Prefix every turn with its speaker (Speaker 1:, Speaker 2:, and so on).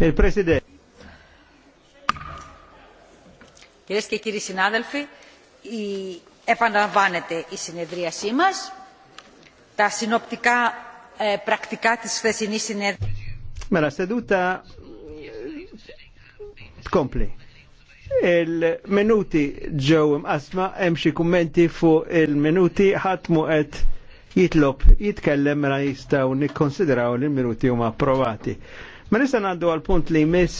Speaker 1: Il-President.
Speaker 2: Κυρίε και κύριοι συνάδελφοι, η... επαναλαμβάνεται η συνεδρίασή μα. Τα συνοπτικά ε, πρακτικά τη χθεσινή συνεδρία.
Speaker 3: Mela, seduta tkompli. Il-minuti ġew imqasma hemm xi kummenti fuq il-minuti ħadd mu qed jitlob jitkellem mela jistgħu nikkonsidraw li l-minuti huma approvati. Ma nista' ngħaddu għal punt li jmiss